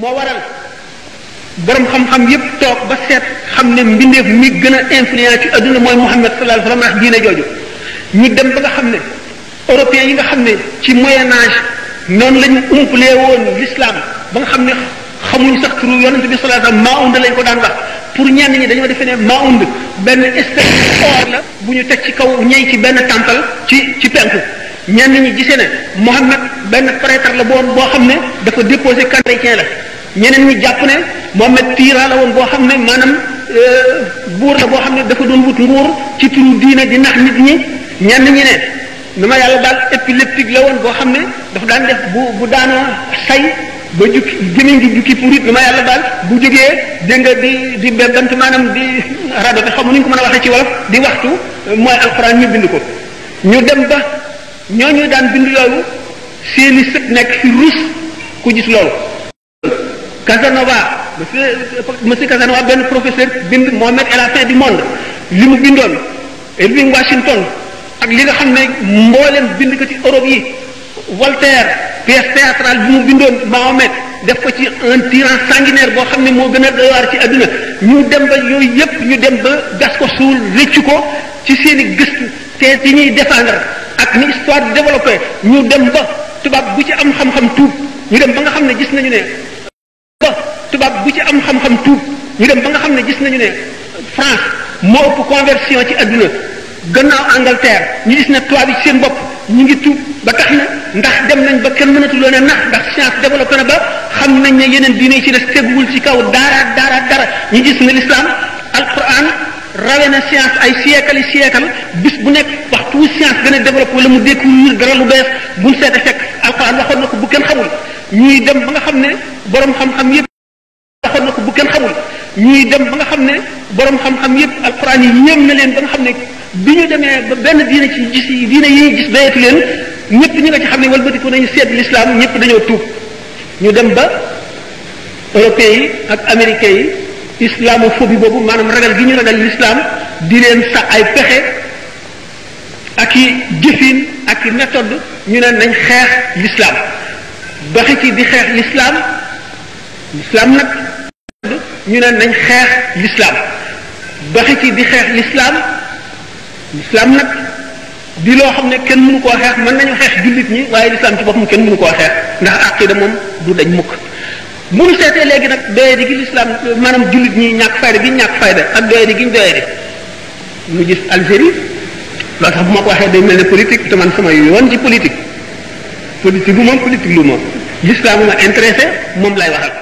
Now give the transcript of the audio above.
moo waral boroom xam-xam yépp toog ba seet xam ne mbindeef mi gën a influent ci adduna mooy Muhammad sallallahu alayhi wasallam diine jooju ñu dem ba nga xam ne européens yi nga xam ne ci moyen âge noonu la ñu umpalee woon lislaam ba nga xam ne xamuñ sax turu yonente bi sallallahu alayhi wasallam Maaound lañ ko daan wax pour ñenn ñi dañoo defe ne Maaound benn espèce or la bu ñu teg ci kaw ñey ci benn tàmpal ci ci penku ñenn ñi gisee ne Muhammad benn prêtre la boon boo xam ne dafa déposé chrétien la ñeneen ñi jàpp ne Muhammad tiiraa la woon boo xam ne maanaam euh, buur la boo xam ne dafa doon wut nguur ci turu diine di nax nit ñi ñenn ñi ne dama yàlla daal épileptique la woon boo xam ne dafa daan def bu bu daanoo say ba jukki gémmiñ gi jukki pour it dama yàlla daal bu jógee dégg nga di di bébant maanaam di radote xamu nu ñu ko mën a waxee ci wolof di waxtu mooy alxuraan ñu bind ko ñu dem ba. ñoo ñooñu daan bind loolu seeni sët nekk fi ruus ku gis loolu Casanova monsieur monsieur Casanova benn professeur bind Mohamed et la fin du monde li mu bindoon Irving Washington ak li nga xam ne mbooleem bind ko ci Europe yi Voltaire pièce théâtrale bi mu bindoon Mahomet def ko ci un tyran sanguinaire boo xam ne moo gën a doy ci àdduna ñu dem ba yooyu yépp ñu dem ba gas ko suul rëccu ko ci seeni gëstu te ci ñuy défendre ni développé ñu dem ba tubaab bu ci am xam-xam tuub ñu dem ba nga xam ne gis nañu ne ba tubaab bu ci am xam-xam tuub ba nga xam ne gis nañu ne France moo ëpp conversion ci adduna gannaaw Angleterre ñu gis ne tubaab yi ci seen bopp ñu ngi tuub ba tax na ndax dem nañ ba kenn mënatuloo ne nax ndax science développé na ba xam nañ ne yeneen diine yi ci des teguwul ci kaw daara daara dara ñu gis ne l'islam alquran rawe na science ay siècle yi siècle bis bu nekk bu science gën a développé wala mu découvrir dara lu bees bu mu seet fekk alxuraan waxoon na bu kenn xamul ñuy dem ba nga xam ne borom xam-xam yépp waxoon na ko bu kenn xamul ñuy dem ba nga xam ne borom xam-xam yépp alxuraan yi ñéem na leen ba xam ne bi ñu demee ba benn diine ci gis yi diine yi gis doyatu leen ñépp ñu nga ci xam ne walbatiku nañu seet l'islam ñépp dañoo tuub ñu dem ba européens yi ak américains yi islamophobie boobu maanam ragal gi ñu ragal l'islam di leen sax ay pexe ak i jëfin ak i méthode ñu ne nañ xeex l'islam doxi ci di xeex l'islam l'islam nag ne nañ xeex l'islam doxi ci di xeex l'islam l'islam nag di loo xam ne kenn mënu koo xeex mën nañu xeex jullit ñi waaye l'islam ci boppam kenn mënu koo xeex ndax aqida moom du dañ mukk bu ñu seetee léegi nag doyadi gi l'islam maanaam jullit ñi ñàkk fayda gi ñàkk fayda ak doyadi gi ñu doyadi ñu gis Algérie loolu tax bu ma ko waxee day mel ne politique te man sama yoon ci politique politique bu moom politique lu moom l'islam ma intéressé moom lay waxal